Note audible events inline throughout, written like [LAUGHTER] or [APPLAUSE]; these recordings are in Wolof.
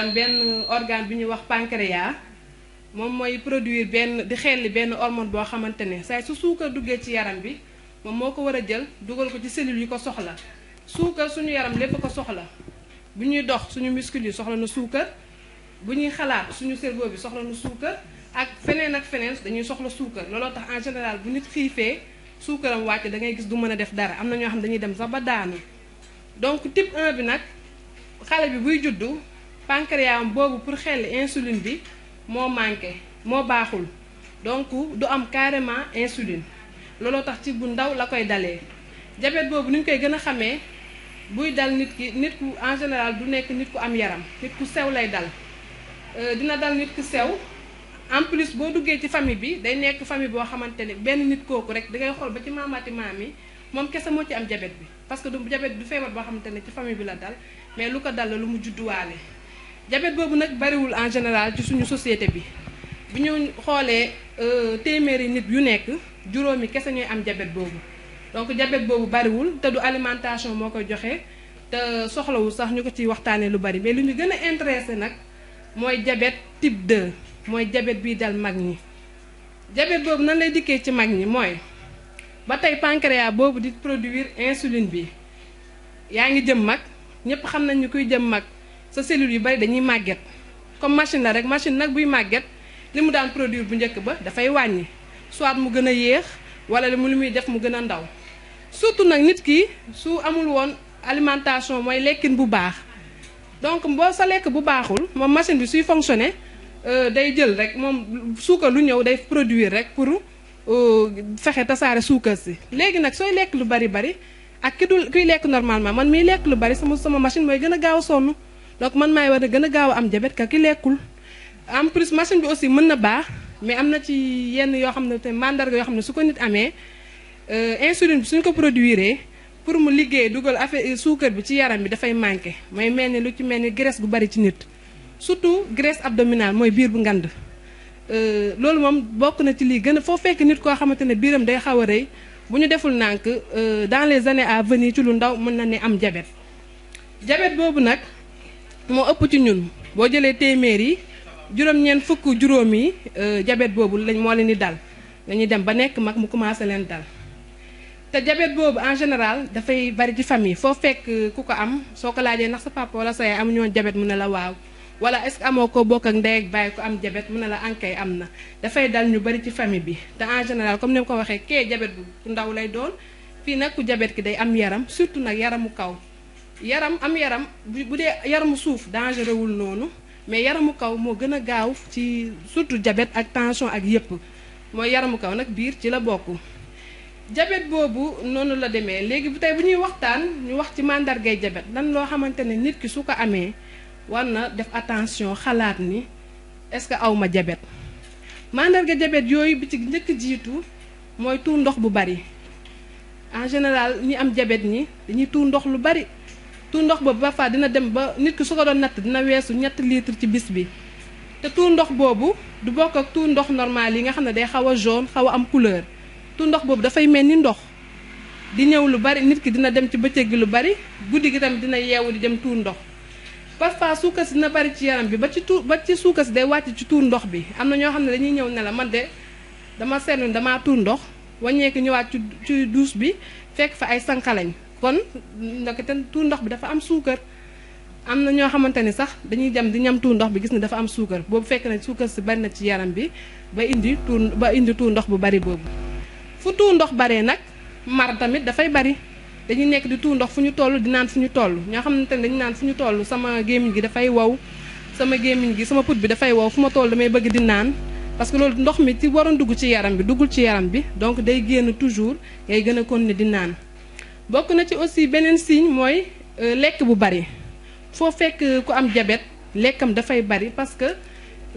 yaram benn organe bi ñuy wax pancréas moom mooy produire benn di xelli benn hormone boo xamante ne saay su suukar duggee ci yaram bi moom moo ko war a jël dugal ko ci cellules yi ko soxla suukar suñu yaram lépp ko soxla bu ñuy dox suñu muscles yi soxla na suukar bu ñuy xalaat suñu cerveau bi soxla na suukar ak feneen ak feneen dañuy soxla suukar looloo tax en général bu nit xiifee suukaram wàcc da ngay gis du mën a def dara am na ñoo xam dañuy dem sax ba daanu bi nag xale bi buy juddu pancréas boobu pour xel insuline bi moo manqué moo baaxul donc du am carrément insuline looloo tax ci bu ndaw la koy dalee jabet boobu ni ñu koy gën a xamee buy dal nit ki nit ku en général du nekk nit ku am yaram nit ku sew lay dal euh, dina dal nit ku sew en plus boo duggee ci famille bi day nekk famille boo xamante ne benn nit kooku rek dangay xool ba ci maamaati maam yi moom kese moo ci am jabet bi parce que du jabet du feebar boo xamante ne ci famille bi la dal mais lu ko dal lu mu judduwaale diabète bobu nak bari wul en général ci suñu société bi bi ñu euh téméré nit yu nekk juróomi kessa ñoy am diabète bobu donc diabète bobu bari wul té du alimentation moko joxé té soxla wu sax ñuko ci waxtané lu bari mais luñu gëna intéressé nak moy diabète type 2 moy diabète bi dal magni diabète bobu nan lay diké ci magni moy ba tay pancréas bobu di produire insuline bi yaangi jëm mak ñepp xamnañ ñukuy jëm mak sa cellule yu bari dañuy màgget comme machine la rek machine nak buy màgget limu daan produire bu ñëk ba da fay wañi soit mu gëna yéx wala limu limuy def mu gëna ndaw surtout nak nit ki su amul won alimentation moy lekkin bu baax donc boo sa lek bu baaxul mom machine bi suy fonctionner euh day jël rek mom suukar lu ñëw day produire rek pour euh fexe tasaare suukar ci légui nak soy lek lu bari bari ak ki dul kuy lek normalement man mi lek lu bari sama sama machine moy gëna gaaw sonu donc man maay war a gën a gaaw am jabet ka ki lekkul en plus machine bi aussi mën na baax mais am na ci yenn yoo xam ne te mandarga yoo xam ne su ko nit amee euh, insuline bi suñ ko produire pour mu liggéey dugal affaire euh, suukar bi ci yaram bi dafay manqué mooy mel ni lu ci mel ni graisse gu bari ci nit surtout graisse abdominale mooy biir bu ngand euh, loolu moom bokk na ci lii gën a foo fekk nit koo xamante ne biiram day xaw a rëy bu ñu deful ndànk dans les années à venir ci lu ndaw mën na ne am jabet jabet boobu nag moo ëpp ci ñun boo jëlee téeméer yi juróom-ñeent fukk juróom yi euh, jabet boobu lañ moo leen di dal dañuy dem ba nekk mag mu commencé leen dal te jabet boobu en général dafay bari ci famille foo fekk euh, ku ko am soo ko laajee ndax sa papa wala sa yaay amu ñoon jabet mu ne la waaw wala est-ce amoo ko bokk ndey ak bàyyi ko am jabet mu ne la ankay am na dafay dal ñu bari ci famille bi te en général comme ni ma ko waxee kee jabet bu ndaw lay doon fii nag ku jabet ki day am yaram surtout nag yaramu kaw yaram am yaram bu dee yaramu suuf dangereux wul noonu mais yaramu kaw moo gën a gaaw ci surtout jabet ak tension ak yépp mooy yaramu kaw nag biir ci la bokk. jabet boobu noonu la demee léegi bu tey bu ñuy waxtaan ñu wax ci màndargay jabet lan loo xamante ne nit ki su ko amee war na def attention xalaat ni est-ce que aw ma diabète màndarga diabète yooyu bi ci njëkk jiitu mooy tuur ndox bu bari en général ñi am jabet ñi dañuy tuur ndox lu bari. tuur ndox boobu parfois dina dem ba nit ki su ko doon natt dina weesu ñetti litre ci bis bi te tuur ndox boobu du bokk ak tuur ndox normal yi nga xam ne day xaw a jaune xaw am couleur tuur ndox boobu dafay mel ni ndox di ñëw lu bari nit ki dina dem ci bëccëg gi lu bari guddi gi tamit dina yeewu di dem tuur ndox parfois suukar si dina bari ci yaram bi ba ci tuur ba ci suukar si day wàcc ci tuur ndox bi am na ñoo xam ne dañuy ñëw ne la man de dama seetlu damaa ndox wàññeeku ñëwaat ci ci douche bi fekk fa ay sànqalañ kon ndekete tuur ndox bi dafa am suukar am na ñoo xamante ni sax dañuy jam di ñam tuur ndox bi gis ni dafa am suukar boobu fekk na suukar si bari na ci yaram bi ba indi tuur ba indi tuur ndox bu bari boobu fu tuur ndox baree nag mar tamit dafay bari dañuy nekk di tuur ndox fu ñu toll di naan fu ñu toll ñoo xamante ni dañu naan fu ñu toll sama gémmiñ gi dafay wow sama gémmiñ gi sama put bi dafay wow fu ma toll damay bëgg di naan parce que loolu ndox mi ci waroon dugg ci yaram bi duggul ci yaram bi donc day génn toujours ngay gën a continuer di naan bokk na ci aussi beneen signe mooy euh, lekk bu bari foo fekk euh, ku am jabet lekkam dafay bari parce que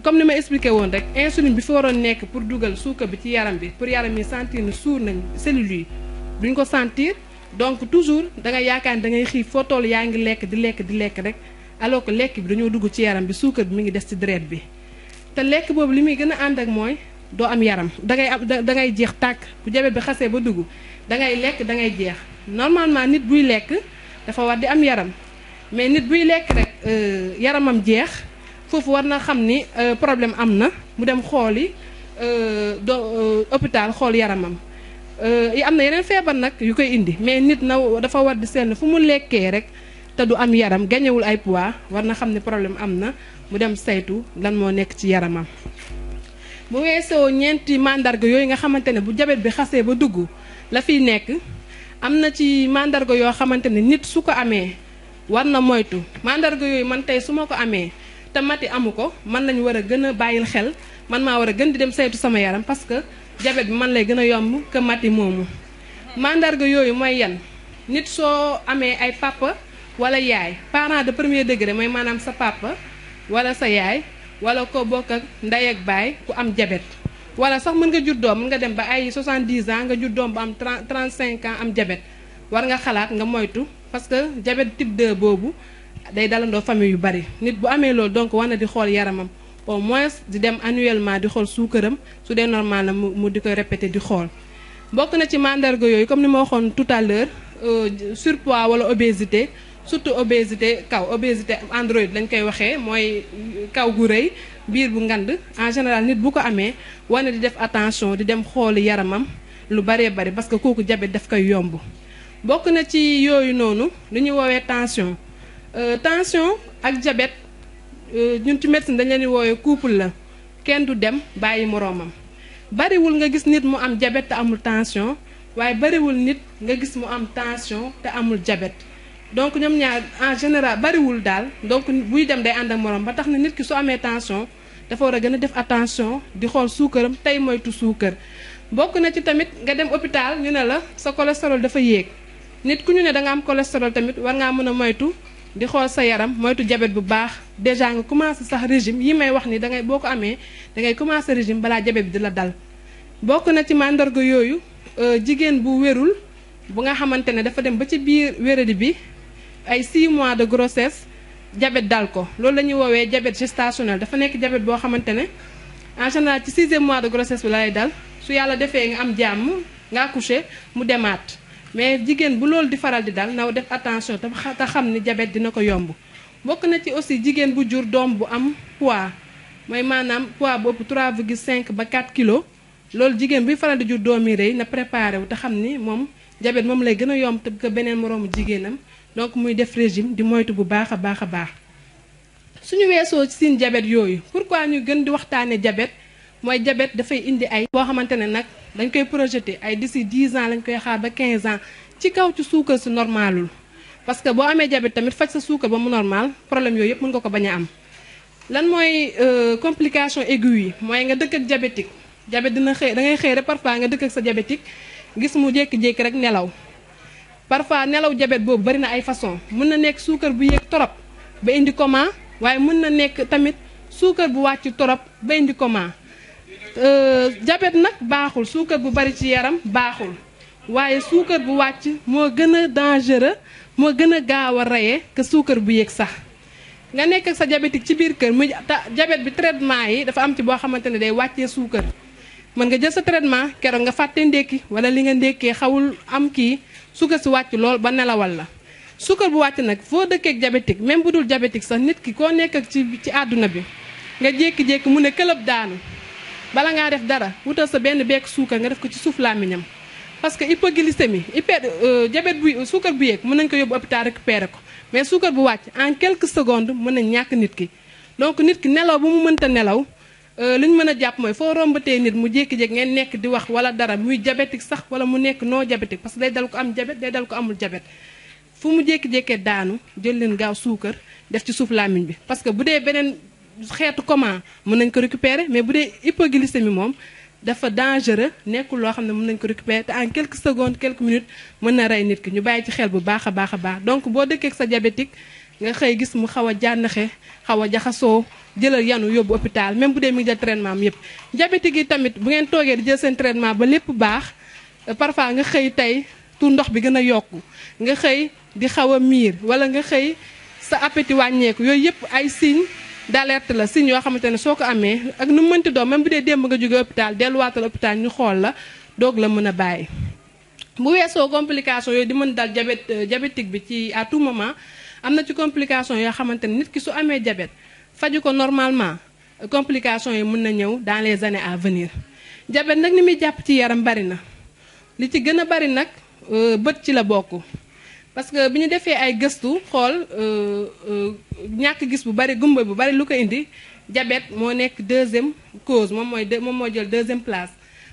comme ni ma expliqué woon rek insuline bi fi waroon nekk pour dugal suukar bi ci yaram bi pour yaram yi sentir ne suur nañ cellules yi duñ ko sentir donc toujours da nga yaakaar ne da ngay xiif foo toll yaa ngi lekk di lekk di lekk rek alors que lekk bi dañoo dugg ci yaram bi suukar bi mu ngi des ci deret bi te lekk boobu li muy gën a ànd ak mooy doo am yaram da ngay am da ngay jeex tàkk bu diabète bi xasee ba dugg da ngay lekk da ngay jeex normalement nit buy lekk dafa war di am yaram mais nit buy lekk rek euh, yaramam jeex foofu war na xam ni euh, problème am na mu dem xooli euh, do hôpital xool yaramam yi am na yeneen feebar nag yu koy indi mais nit na dafa war di seetlu fu mu lekkee rek te du am yaram gañewul ay pois war na xam ne problème am na mu dem saytu lan moo nekk ci yaramam bu weesoo ñeenti màndarga yooyu nga xamante ne bu jabet bi xasee ba dugg la fiy nekk amna na ci mandarga yoo xamante nit suko amé warna war na moytu mandarga man tay sumako amé te mati amuko man lañ wara gëna bayil xel man ma wara gën di dem saytu sama yaram parce que diabète bi man lay gën yomb que mati moomu mandarga yooyu moy yan nit so amé ay papa wala yaay parent de premier degré moy manam sa papa wala sa yaay wala ko bokk ak ak bay ku am jabet wala sax mën nga jur doom mën nga dem ba ay 70 ans nga jur doom ba am 30 35 ans am jabet war nga xalaat nga moytu parce que diabète type 2 boobu day dalandoo famille yu bari nit bu amee loolu donc war na di xool yaramam au moins di dem annuellement di xool suukaram su dee normal la mu di koy répété di xool bokk na ci mandarga yooyu comme ni ma waxoon tout à l'heure euh, surpoids wala obésité surtout obésité kaw obésité android lañ koy waxee mooy kaw gu rëy biir bu ngand en général nit bu ko amee war di def attention di dem xooli yaramam lu baree bari parce que kooku jabet daf koy yomb bokk na ci yooyu noonu lu ñu woowee tension euh, tension ak jabet euh, ñun ci médecine dañ leen di woowee couple la kenn du dem bàyyi moroomam bariwul nga gis nit mu am jabet te amul tension waaye bariwul nit nga gis mu am tension te amul jabet donc ñom ñaar en général bari wul dal donc buy dem day and ak morom ba tax na nit ki su amee tension dafa wara gëna def attention di xool suukaram tey moytu suukar bokku na ci tamit nga dem hôpital ñu ne la sa cholestérol dafa yéeg nit ku ñu ne da nga am cholestérol tamit war nga mëna moytu di xol sa yaram moytu diabète bu baax déjà nga commencé sax régime yi may wax ni da ngay boko amé da ngay commencé régime bala diabète bi di la dal bokk na ci yoyu euh jigen bu wérul bu nga xamantene dafa dem ba ci biir wéradi bi ay 6 mois de grossesse jabet dal ko loolu la ñuy woowee diabète gestationnel dafa nekk diabète boo xamante ne en général ci sixième mois de grossesse bi lay dal su yàlla defee nga am jàmm nga accouché mu demaat mais jigéen bu loolu di faral di dal ndaw def attention te xam ni diabète dina ko yomb bokk na ci aussi jigéen bu jur doom bu am poids mooy maanaam poids bu ëpp cinq ba 4 kilos loolu jigéen buy faral di jur doom yi rëy na préparé wu te xam ni moom diabète moom lay gën a yomb te ko beneen moroomu jigéenam donc muy def régime di moytu bu baax a baax a baax suñu weesoo siin jabet yooyu pourquoi ñu gën di waxtaane jabet mooy jabet dafay indi ay boo xamante ne nag dañ koy projeté ay d'ici 10 ans lañ koy xaar ba 15 ans ci kaw ci suukar si normalul parce que boo amee jabet tamit faj sa suukar ba mu normal problème yooyu yëpp mën nga ko bañ a am lan mooy euh, complication aiguë yi mooy nga dëkk ak diabétique jabet dina xëy da ngay xëy rek parfois nga dëkk ak sa diabétique gis mu jékki-jékki rek nelaw parfois nelaw diabète bobu bari na ay façon mën na nek sucre bu yek torop ba indi coma waye mën na nek tamit sucre bu wàcc torop ba indi coma diabète euh, nak baxul sucre bu bari ci yaram baxul waye sucre bu wàcc mo gëna dangereux mo gëna a gaaw a reye que suukar bu yek sax nga nek sa diabétique ci bir kër mu diabète bi traitement yi dafa am ci bo xamantene day wàccee sucre man nga jël sa traitement kéro nga faté ndéki wala li nga ndéké xawul am ki suukar si wàcc lool ba nelawal la suukar bu wàcc nag foo dëkkeek diabétique même bu dul diabétique sax nit ki koo nekk ak ci ci àdduna bi nga jékki-jékki mu ne këlëb daanu bala ngaa def dara wutal sa benn beek suukar nga def ko ci suuf làmmiñam parce que hypoglycémie hyper jabet euh, bu suukar bu yéeg mën nañ ko yóbbu hôpital récupéré ko mais suukar bu wàcc en quelques secondes mën a ñàkk nit ki donc nit ki nelaw bu mu mënta nelaw Euh, li mëna japp moy fo mooy nit mu jékki-jékki ngeen nek di wax wala dara muy diabétique sax wala mu nek no diabétique parce que day dal ko am diabète day dal ko amul diabète fu mu jékki-jékkee daanu jël leen gaaw sucre def ci souf lamine bi parce que boudé benen beneen comment mën nañ ko récupérer mais boudé hypoglycémie mom dafa dangereux nekul lo xam ne mën nañ ko récupérer té en quelques secondes quelques minutes mën na rey nit ki ñu bàyyi ci xel bu baaxa baaxa baax donc bo dëkkee ak sa diabétique nga xey gis mu xawa jannaxé xawa jaxaso jëlal yanu yobbu hôpital même bu dee mi ngi jël traitement am yëpp diabétique yi tamit bu ngeen togué di jël sen traitement ba lépp baax parfois nga xey tay tu ndox bi gëna yok nga xey di xawa mir wala nga xey sa appétit wàññeeku yoy yépp ay signe d'alerte la signe yo xamante soko amé ak nu mënti do même bu dee démb nga jógee hôpital délu wat hôpital ñu xol la dog la mëna a bàyyi bu weesoo complication yoy di mëna dal diabète euh, diabétique bi ci à tout moment am na ci complication yoo xamante ni nit ki su amee diabète faju ko normalement complications yi mën na ñëw dans les années à venir diabète nag ni muy jàpp ci yaram bari na li ci gën a bari nag euh, bët ci la bokk parce que bi ñu defee ay gëstu xool euh, euh, ñàkk gis bu bari gumba bu bari lu ko indi diabète moo nekk deuxième cause moom mooy moom moo jël deuxième place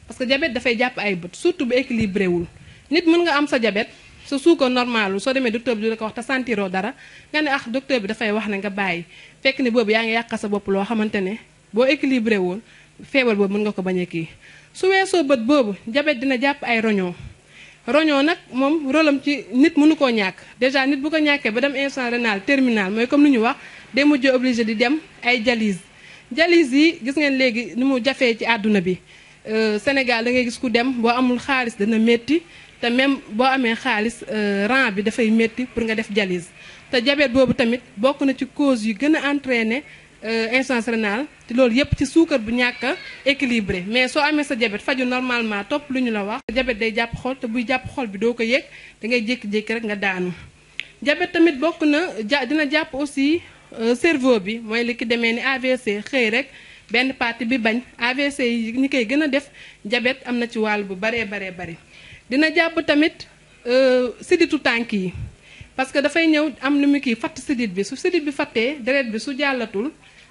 parce que diabète dafay jàpp ay bët surtout bu équilibré wul nit mën nga am sa diabète Susu suukar normal so demé docteur bi du ko wax ta sentiro dara nga né ah docteur bi fay wax ne nga bayyi fekk ni boobu ya nga yàq sa bop lo ne équilibré woon feebar bobu mën nga ko bañé ki su wéso boobu jabet dina japp ay roño roño nak mom rolam ci nit mënu nyak. ñak déjà nit bu ko ñaké ba dem instant rénal terminal moy comme ni ñu wax mu jé obligé di dem ay dialyse dialyse yi gis ngeen légui ni mu jafé ci aduna bi euh, Sénégal da ngay gis ku dem bo amul xaaliss dana metti te même boo amee xaalis euh, rang bi dafay métti pour nga def dialyse te jabet boobu tamit bokk na ci cause yu gën a entraîné euh, insuffisance rénale te loolu yépp ci suukar bu ñàkk a équilibré mais soo amee sa jabet faju normalement topp lu ñu la wax diabète day jàpp xol te buy jàpp xol bi doo ko yëg da ngay jékki-jékki rek nga daanu diabète tamit bokk na dina jàpp aussi euh, cerveau bi mooy li ki demee ni AVC xëy rek benn partie bi bañ AVC yi ñi koy gën a def diabète am na ci wàll bu baree baree bari dina jàpp tamit euh, siditu tànk yi parce que dafay ñëw am lu mu kii fatt sidit bi su sidit bi fattee deret bi su jàllatul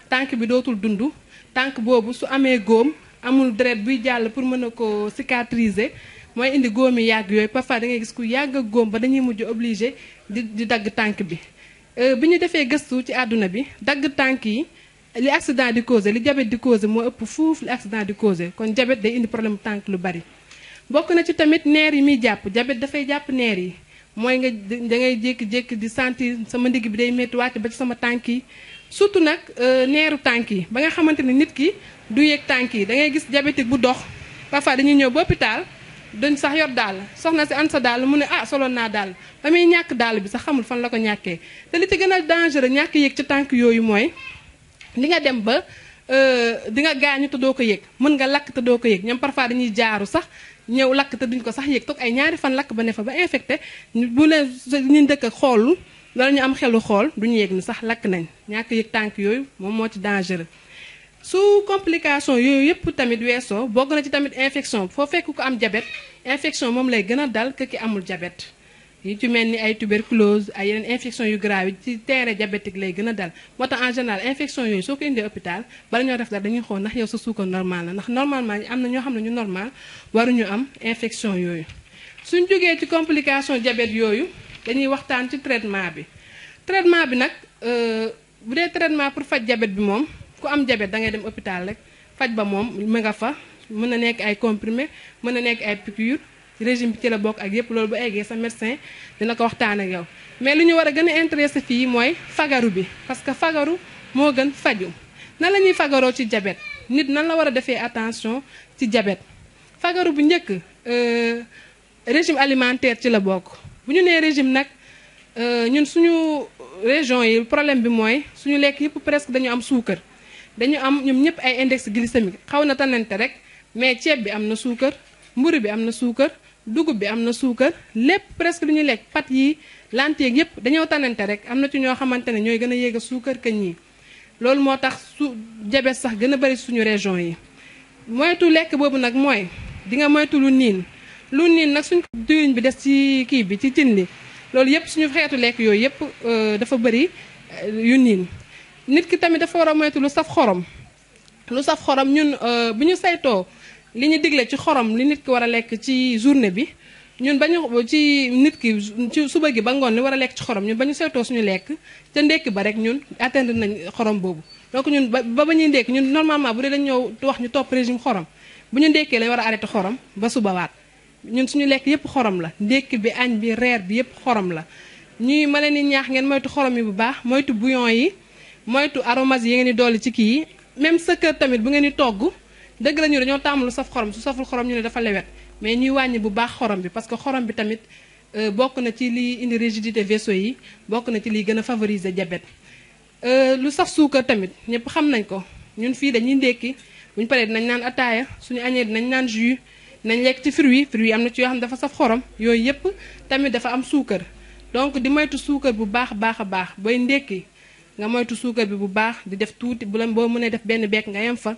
tànk bi dootul dund tànk boobu su amee góom amul deret buy jàll pour mën a ko cicatriser mooy indi góomi yàgg yooyu parfois da ngay gis ku yàgg ak góom ba dañuy mujj obligé di di dagg tànk bi euh, bi ñu defee gëstu ci àdduna bi dagg tànk yi li accident di causé li jabet di causé moo ëpp fuuf li accident di causé kon jabet day indi problème tànk lu bari bokku na ci tamit neer yi jabet fay japp neer yi moy nga da ngay jek jek di santi sama ndig bi day metti wàcc ba ci sama tanki surtout nak euh, neeru tanki ba nga xamanteni nit ki du yek tanki da ngay gis diabétique bu dox parfois dañuy ñëw ba hôpital dañ sax yor dal soxna ci an sa mu ne ah solo na dal bamay ñak dal bi sax xamul fan la ko ñaké té li ci gëna a dangereux ñak yek ci tànk yooyu moy li nga dem ba euh, di nga gañu te ko yek mën nga lak te ko yek ñam parfois dañuy jaaru sax ñëw lak te duñ ko sax yek tok ay ñaari fan lak ba ne ba infecté bu ne ñu dëkk xool loolu ñu am xelu xool duñ yek ni sax lak nañ ñak yek tank yooyu mom mo ci dangereux. su complication yooyu yep tamit wesso bokk na ci tamit infection fo fekk ku am diabète infection mom lay gëna dal que ki amul diabète yi ci mel ni ay tuberculose ay yeneen infection yu grave ci teere diabétique lay gën a dal moo tax en infection yooyu soo ko indee hôpital bala ñoo def dara dañuy xool ndax yow sa suukar normal na ndax normalement am na ñoo xam ne ñu normal waruñu am infection yooyu suñ jógee ci complication diabète yooyu dañuy waxtaan ci traitement bi traitement bi nag euh, bu dee traitement pour faj diabète bi moom ku am jabet da ngay dem hôpital rek faj ba moom mu nga fa mën na nekk ay comprimé mën na nekk ay piqûre régime bi la bok ak yépp loolu bu eggee sa médecin dina ko waxtaan ak yow mais lu ñu war a gën a intéressé fii mooy fagaru bi parce que fagaru moo gën faju nan la ñuy fagaroo ci jabet nit nan la war a defee attention ci jabet fagaru bu njëkk euh, régime alimentaire ci la bokk bu ñu nee régime nag euh, ñun suñu région yi problème bi mooy suñu lekk yëpp presque dañu am suukar dañu am ñoom ñëpp ay index glycémique xaw na tanante rek mais ceeb bi am na suukar mburu bi am na suukar dugub bi am na suukar lépp presque lu ñuy lekk pat yi lanteeg yépp dañoo tanante rek am na ci ñoo xamante ne ñooy gën a yéeg a suukar kañ yi loolu moo tax su jabet sax gën a bari suñu région yi moytu lekk boobu nag mooy di nga moytu lu niin lu niin nag suñ diwlin bi des ci kii bi ci cin li loolu yépp suñu xeetu lekk yooyu yépp euh, dafa bari euh, yu niin nit ki tamit dafa war a moytu lu saf xorom lu saf xorom ñun euh, bu ñu saytoo li ñu digle ci xorom li nit ki war a lekk ci journée bi ñun ba ñu ci nit ki ci suba gi ba ngoon li war a lekk ci xorom ñun ba ñu seetoo suñu lekk ca ndekki ba rek ñun atteindre nañ xorom boobu donc ñun ba ba ñuy ndekki ñun normalement bu dee dañ ñëw wax ñu topp régime xorom bu ñu ndekkee lañ war a arrêté xorom ba suba waat ñun suñu lekk yépp xorom la ndekki bi añ bi reer bi yépp xorom la ñuy ma leen di ñaax ngeen moytu xorom yi bu baax moytu bouillon yi moytu aromas yi ngeen di dolli ci kii yi même sa tamit bu ngeen di togg dëgg la ñu dañoo tàmmul saf xorom su xorom ñu ne dafa lewet mais ñuy wàññi bu baax xorom bi parce que xorom bi tamit euh, bokk na ci liy indi rigidité vaisseau yi bokk na ci liy gën a favoriser diabète euh, lu saf suukar tamit ñëpp xam nañ ko ñun fii dañuy ndékki buñu paree dinañ naan ataaya suñu añee dinañ naan jus nañ lekk ci fruit fruit am na ci yoo xam dafa saf xorom yooyu yëpp tamit dafa am suukar donc di moytu suukar bu baax baax a baax booy ndékki nga moytu suukar bi bu baax di def tuuti bu la boo mënee def benn bekk nga yam fa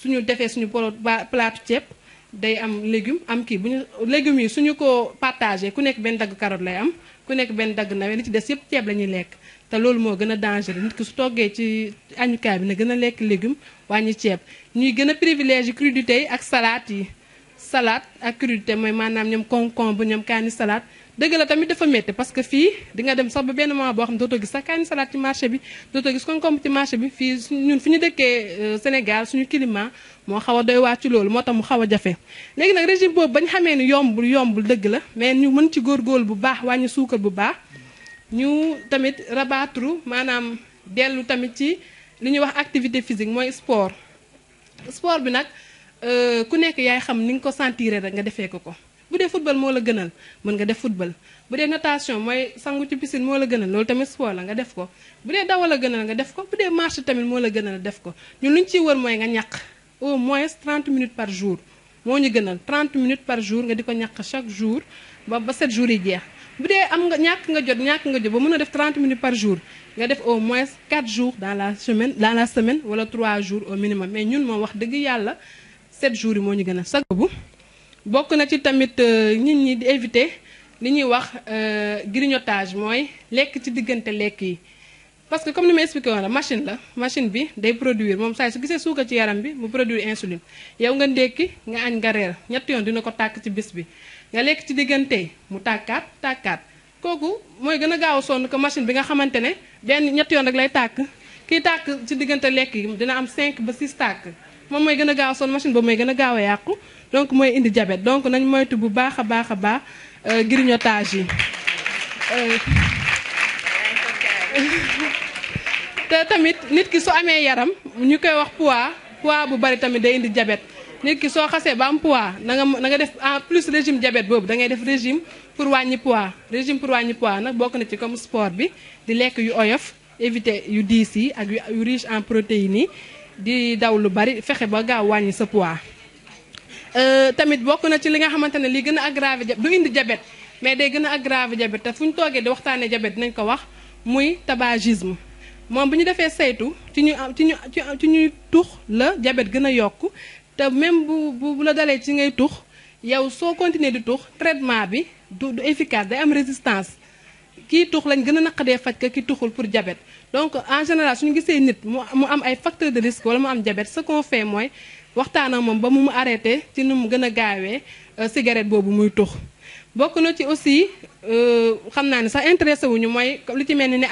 suñu defee suñu palaatu ceeb day am légume am kii bu ñu légumes yi suñu ko partagé ku nekk benn dagg carotte lay am ku nekk benn dagg nawe li ci des yëpp ceeb la ñuy lekk te loolu moo gën a dangereux nit ki su toggee ci añukaay bi na gën a lekk légume wàññi ceeb ñuy gën a privilégié crudités yi ak salaat yi salaat ak crudité mooy maanaam ñoom concombre ñoom kaani salaat dëgg la tamit dafa métti parce que fii di nga dem sax ba benn moment boo xam ne dootoo gis sax kaani salaat ci marché bi dootoo gis concombre ci marché bi fii ñun fi ñu dëkkee euh, Sénégal suñu climat moo xaw a doy waa ci loolu moo tax mu xaw a jafe léegi nag régime boobu ba ñu xamee ni yombul yombul dëgg la mais ñu mën ci góor góor bu baax wàññi suukar bu baax ñu tamit rabattre maanaam dellu tamit ci li ñuy wax activité physique mooy sport sport bi nag euh, ku nekk yaay xam ni nga ko sentir rek nga defee ko ko bu dee football moo la gënal mën nga def football bu dee natation mooy sangu ci piscine moo la gënal loolu tamit sport la nga def ko bu dee daw la gënal nga def ko bu dee marche tamit moo la gënal def ko ñun lu ñu ciy wër mooy nga ñàq au moins 30 minutes par jour moo ñu gënal 30 minutes par jour nga di ko ñàq chaque jour ba ba 7 jours jeex bu nga ñàkk nga jot ñàkk nga jot ba mën a def 30 minutes par jour nga def au moins 4 jours dans la semaine dans la semaine wala 3 jour au minimum mais ñun moom wax dëgg yàlla 7 jour yi moo ñu gënal sa bu bokk na ci tamit euh, nit ñi di éviter li ñi wax euh, grignotage moy lek ci digënté lek yi parce que comme ni ma expliqué woon la machine la machine bi day produire mom say su gisé suuka ci yaram bi mu produire insuline yow nga ndéki nga añ nga reer ñetti yoon dina ko tak ci bis bi nga lek ci digënté mu takkat takkat koku moy gëna gaaw son ko machine bi nga xamantene ne benn ñetti yoon rek lay tak ki tak ci digënté lek yi dina am 5 ba 6 tak moom mooy gën gaaw sonn machine boobu mooy gën a gaaw a yàqu donc mooy indi diabète donc nañ moytu bu baax a baax a baax euh, grignotage yi euh, [LAUGHS] te tamit nit ki su amee yaram ñu koy wax poids poids bu bari tamit day indi diabète nit ki soo xasee ba am poids na nga def en plus régime diabète boobu da ngay def régime pour wàññi poids régime pour wàññi poids nag bokk na ci comme sport bi di lek yu oyof éviter yu diis yi ak yu riche en protéines di daw lu bari fexe ba gaaw wàññi sa poids. Euh, tamit bokk na ci li nga xamante ne li gën a aggravé du indi jabet mais day gën a aggravé jabet te fu ñu toogee di waxtaanee jabet dinañ ko wax muy tabagisme moom bu ñu defee saytu ci ñu ci ñu ci ñuy tux la jabet gën a yokk te même bu bu la dalee ci ngay tux yow soo continuer di tux traitement bi du du efficace day am résistance. kii tux lañ gën a naqadee faj ka ki tuxul pour jabet donc en général suñu gisee nit mu mu am ay facteur de risque wala mu am diabète ce qu'on fait mooy waxtaan ak moom ba mu mu arrêté ci nu mu gën a gaawee euh, cigarette boobu muy tux bokk na ci aussi euh, xam naa ne sax intéressé wuñu mooy lu ci mel ni ne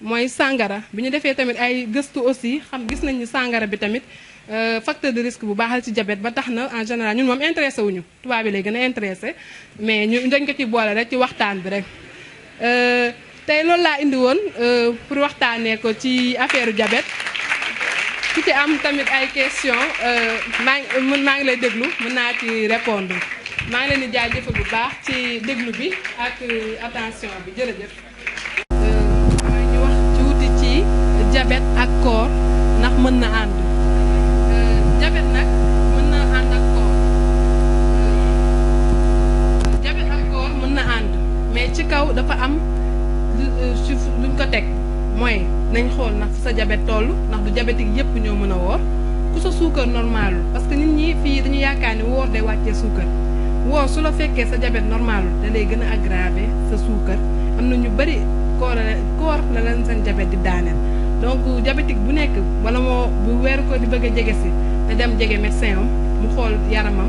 mooy sàngara bi ñu defee tamit ay gëstu aussi xam gis nañu sàngara bi tamit euh, facteur de risque bu baaxal ci diabète ba tax na en général ñun moom intéressé wuñu tubaab bi lay gën a intéressé mais ñu dañ ko ci boole rek ci waxtaan bi rek Euh, tey loolu laa indi woon euh, pour waxtaanee ko ci affaire jabet ku ci am tamit ay question euh, maa ngi maa ngi lay déglu mën naa ci répondre maa ngi leen di jaajëf bu baax ci déglu bi ak attention bi jërëjëf. ñu wax tuuti ci jabet ak koor ndax mën na ànd. ci kaw dafa am chiffre euh, luñ ko teg mooy nañ xool ndax sa jabet toll ndax du diabétique yépp ñoo mën a woor ku sa suukar normalul parce que nit ñi fii dañu yaakaar ni woor day wàccee suukar woor su la fekkee sa jabet normalul da gën a aggraver sa suukar am na ñu bëri koor koor la leen seen jabet di daaneel donc diabétique bu nekk wala moo bu weeru ko di bëgg a jege si na dem jege médecin mu xool yaramam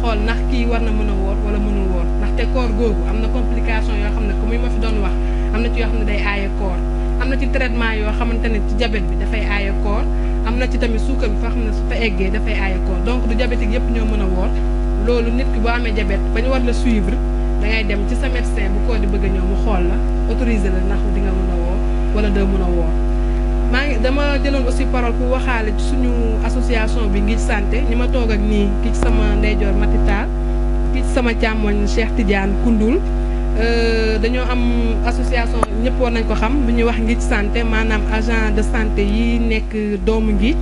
xool ndax kii war na mën a woor wala mënul woor te koor googu am na complication yoo xam ne comme yi ma fi doon wax am na ci yoo xam ne day aaye koor am na ci traitement yoo xamante ne ci diabète bi dafay aaye koor am na ci tamit suukar bi foo xam ne su fa eggee dafay aaye koor donc du diabétique yëpp ñoo mën a woor loolu nit ki boo amee diabète ba ñu war la suivre da ngay dem ci sa médecin bu koor di bëgg a mu xool la autorisé la ndax di nga mën a woor wala doo mën a woor maa ngi dama jëloon aussi parole pour waxaale ci suñu association bi ngir santé ñi ma toog ak nii ki sama ndeyjoor Mati sama càmmoñ Cheikh Tidiane Koundoul euh, dañoo am association ñëpp war nañ ko xam bu ñuy wax ngi santé maanaam agent de santé yi nekk doomu ngi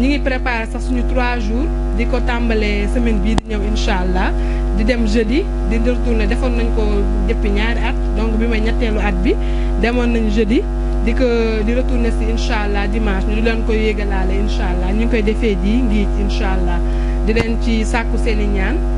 ñi ngi prépare sax suñu trois jours di ko tàmbalee semaine bii di ñëw incha allah di dem jeudi di retourné defoon nañ ko depuis ñaari at donc bi may ñetteelu at bi demoon nañ jeudi di ko di retourné si incha allah dimanche ñu leen koy yégalaale incha allah ñu ngi koy defee ji ngi incha allah di leen ci sàkku ñaan.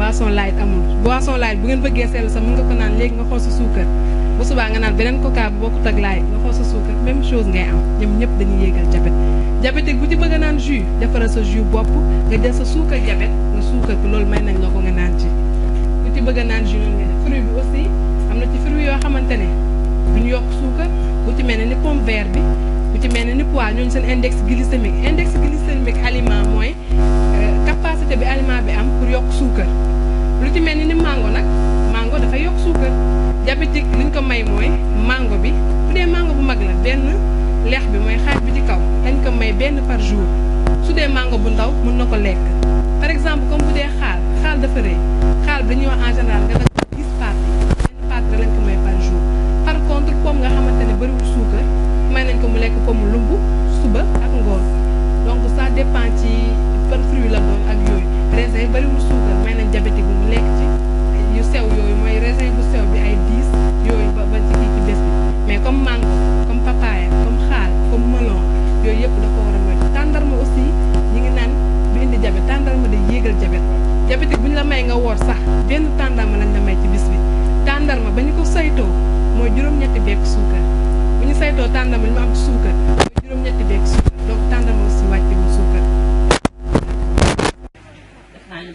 boisson light amul boisson light bu ngeen bëggee seetlu sax mën nga ko naan léegi nga xool sa suukar bu subaa nga naan beneen coca bu bokkut ak light nga xool sa suukar même chose ngay am ñoom ñëpp dañuy yéegal jabet diabétique gu ci bëgg a naan jus defaral sa jus bopp nga jël sa suukar jabet nga suukar loolu may nañ la ko nga naan ci bu bëgg naan jus noonu fruit bi aussi am na ci fruit yoo xamante ne duñ yokk suukar bu ci mel ne ni pomme verte bi bu ci mel ne ni pois ñooñu seen index glycémique index glycémique aliment mooy qualité bi aliment bi am pour yokk suukar lu ci mel ni ni mango nag mango dafa yokk suukar diabétique li ñu ko may mooy mango bi bu dee mango bu mag la benn leex bi mooy xaaj bi ci kaw dañ ko may benn par jour su dee mango bu ndaw mën na ko lekk par exemple comme bu dee xaal xaal dafa rëy xaal bi dañuy wax en général nga bariwul suukar may nañ diabétique bi mu lekk ci yu sew yooyu mooy raisin bu sew bi ay diis yooyu ba ba ci kii bi mais comme mango comme papaya comme xaal comme melon yooyu yëpp da ko war tàndarma aussi ñi ngi naan bu indi diabète tàndarma day yéegal diabète diabétique bu ñu la may nga woor sax benn tàndarma lañ la may ci bis bi tàndarma ba ñu ko saytoo mooy juróom-ñetti beek suukar bu ñu saytoo tàndarma li mu am suukar mooy juróom-ñetti beek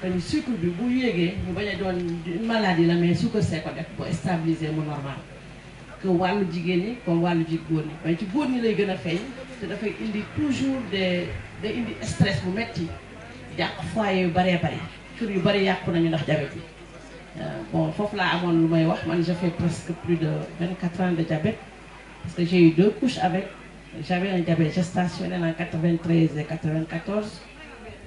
quand ni sucre bi bu yéegee ñu bañ a doon maladie la mais su ko see ko def stabiliser mu normal que wàllu jigéen ñi comme wàllu ji góor ñi mais ci góor ñi lay gën a feeñ te dafay indi toujours des day indi stress bu metti jàq foyer yu baree bari kër yu bari yàqu nañu ndax diabète bi euh, bon foofu laa amoon lu may wax man j'ai fait presque plus de 24 ans de diabète parce que j'ai eu deux couches avec j'avais un diabète gestationnel en 93 et 94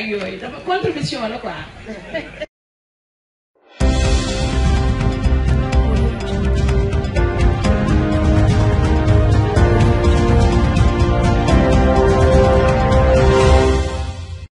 ஐயோ இதை கோல் பிரமிச்சு வரக்கூடாது